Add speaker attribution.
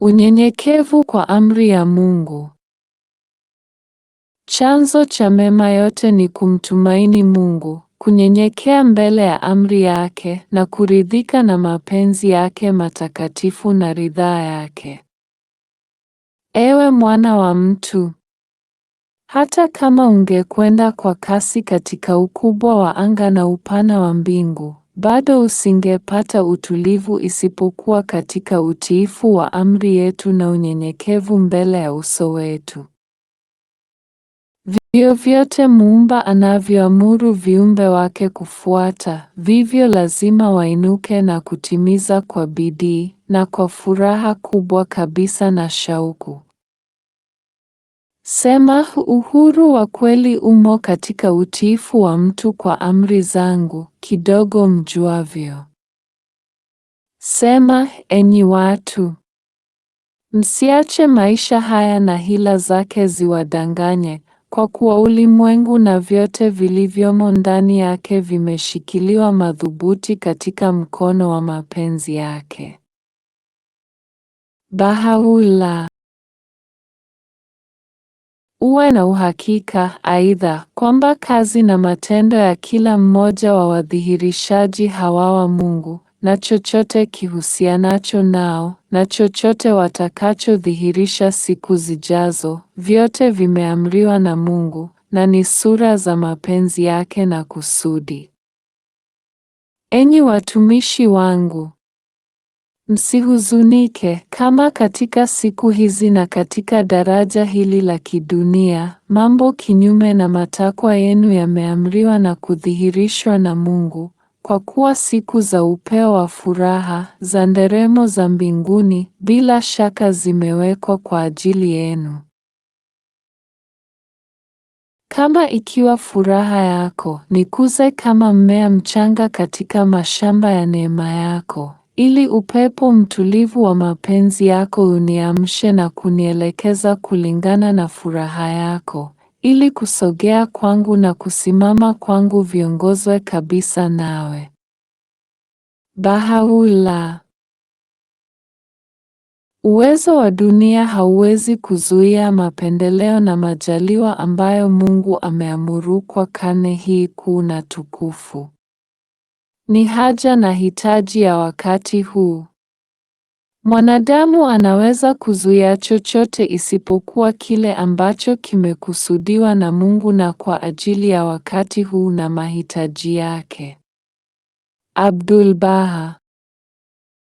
Speaker 1: Unyenyekevu kwa amri ya Mungu. Chanzo cha mema yote ni kumtumaini Mungu, kunyenyekea mbele ya amri yake na kuridhika na mapenzi yake matakatifu na ridhaa yake. Ewe mwana wa mtu, hata kama ungekwenda kwa kasi katika ukubwa wa anga na upana wa mbingu, bado usingepata utulivu isipokuwa katika utiifu wa amri yetu na unyenyekevu mbele ya uso wetu. Vyovyote Muumba anavyoamuru viumbe wake kufuata, vivyo lazima wainuke na kutimiza kwa bidii, na kwa furaha kubwa kabisa na shauku. Sema uhuru wa kweli umo katika utiifu wa mtu kwa amri zangu, kidogo mjuavyo. Sema, enyi watu, msiache maisha haya na hila zake ziwadanganye, kwa kuwa ulimwengu na vyote vilivyomo ndani yake vimeshikiliwa madhubuti katika mkono wa mapenzi yake. Bahaula. Uwe na uhakika, aidha, kwamba kazi na matendo ya kila mmoja wa wadhihirishaji hawa wa Mungu, na chochote kihusianacho nao, na chochote watakachodhihirisha siku zijazo, vyote vimeamriwa na Mungu, na ni sura za mapenzi yake na kusudi. Enyi watumishi wangu, Msihuzunike, kama katika siku hizi na katika daraja hili la kidunia, mambo kinyume na matakwa yenu yameamriwa na kudhihirishwa na Mungu, kwa kuwa siku za upeo wa furaha, za nderemo za mbinguni, bila shaka zimewekwa kwa ajili yenu. Kama ikiwa furaha yako, nikuze kama mmea mchanga katika mashamba ya neema yako ili upepo mtulivu wa mapenzi yako uniamshe na kunielekeza kulingana na furaha yako, ili kusogea kwangu na kusimama kwangu viongozwe kabisa nawe. Baha'u'llah. Uwezo wa dunia hauwezi kuzuia mapendeleo na majaliwa ambayo Mungu ameamuru kwa karne hii kuu na tukufu ni haja na hitaji ya wakati huu. Mwanadamu anaweza kuzuia chochote isipokuwa kile ambacho kimekusudiwa na Mungu na kwa ajili ya wakati huu na mahitaji yake. Abdul Baha